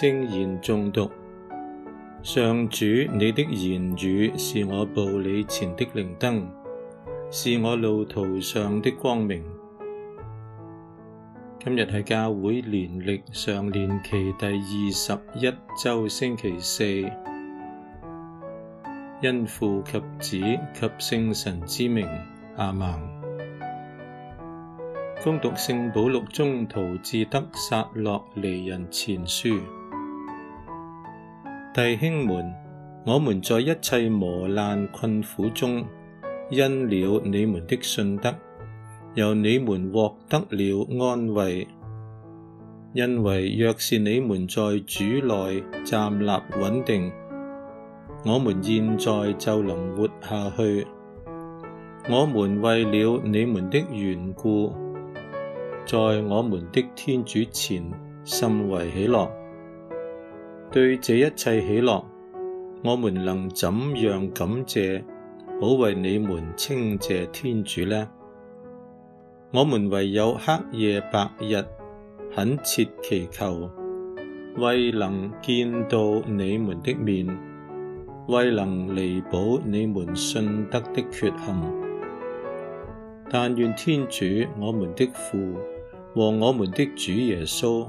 聖言誦讀。上主，你的言語是我步履前的靈燈，是我路途上的光明。今日係教會年曆常年期第二十一周星期四，因父及子及聖神之名，阿門。恭讀聖保祿宗徒致得撒洛尼人前書。弟兄們，我們在一切磨難困苦中，因了你們的信德，由你們獲得了安慰。因為若是你們在主內站立穩定，我們現在就能活下去。我們為了你們的緣故，在我們的天主前甚為喜樂。對這一切喜樂，我們能怎樣感謝，好為你們稱謝天主呢？我們唯有黑夜白日懇切祈求，為能見到你們的面，為能彌補你們信德的缺陷。但願天主我們的父和我們的主耶穌。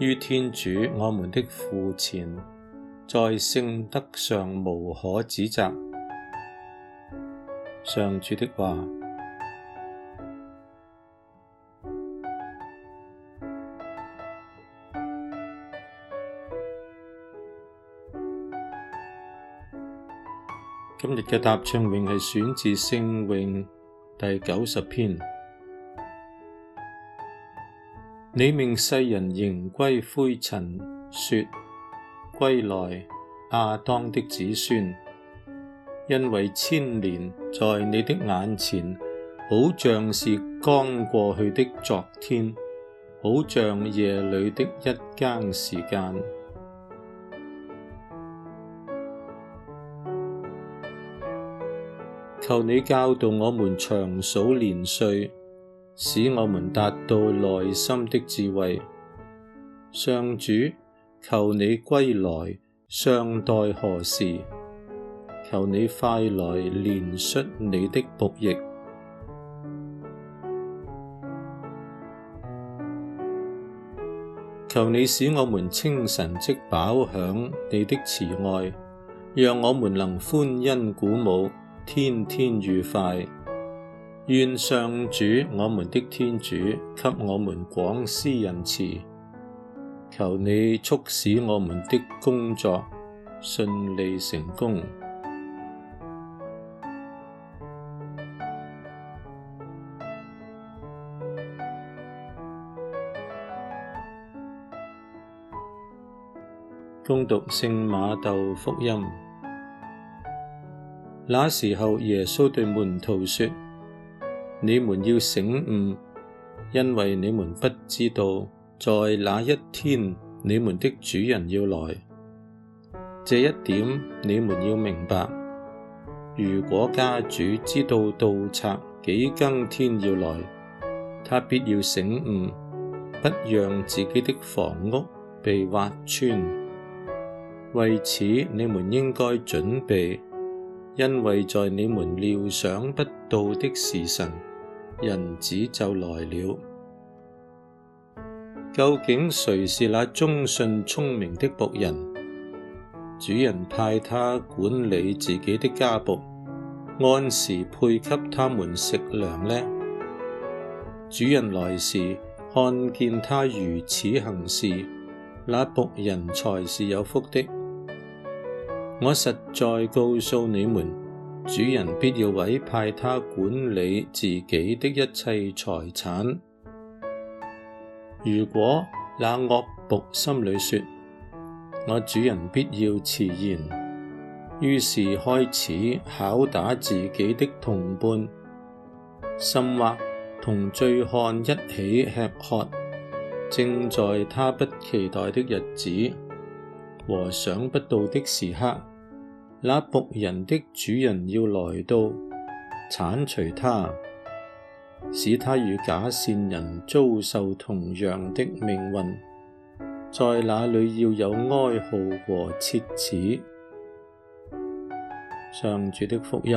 於天主，我們的父前，在聖德上無可指摘。上主的話，今日嘅答唱詠係選自聖詠第九十篇。你命世人仍歸灰塵，說歸來亞當的子孫，因為千年在你的眼前，好像是剛過去的昨天，好像夜裏的一更時間。求你教導我們詳數年歲。使我們達到內心的智慧。上主，求你歸來，尚待何時？求你快來憐恤你的僕役。求你使我們清晨即飽享你的慈愛，讓我們能歡欣鼓舞，天天愉快。願上主我們的天主給我們廣施仁慈，求你促使我們的工作順利成功。恭 讀聖馬竇福音。那時候，耶穌對門徒說：你們要醒寤，因為你們不知道在那一天你們的主人要來。這一點你們要明白。如果家主知道盜賊幾更天要來，他必要醒寤，不讓自己的房屋被挖穿。為此，你們應該準備，因為在你們料想不到的時辰。人子就來了，究竟誰是那忠信聰明的僕人？主人派他管理自己的家僕，按時配給他們食糧呢？主人來時，看見他如此行事，那僕人才是有福的。我實在告訴你們。主人必要委派他管理自己的一切財產。如果那惡僕心裏說：我主人必要遲延，於是開始拷打自己的同伴，甚或同醉漢一起吃喝。正在他不期待的日子和想不到的時刻。那僕人的主人要來到，鏟除他，使他與假善人遭受同樣的命運，在那裏要有哀號和切齒。上主的福音。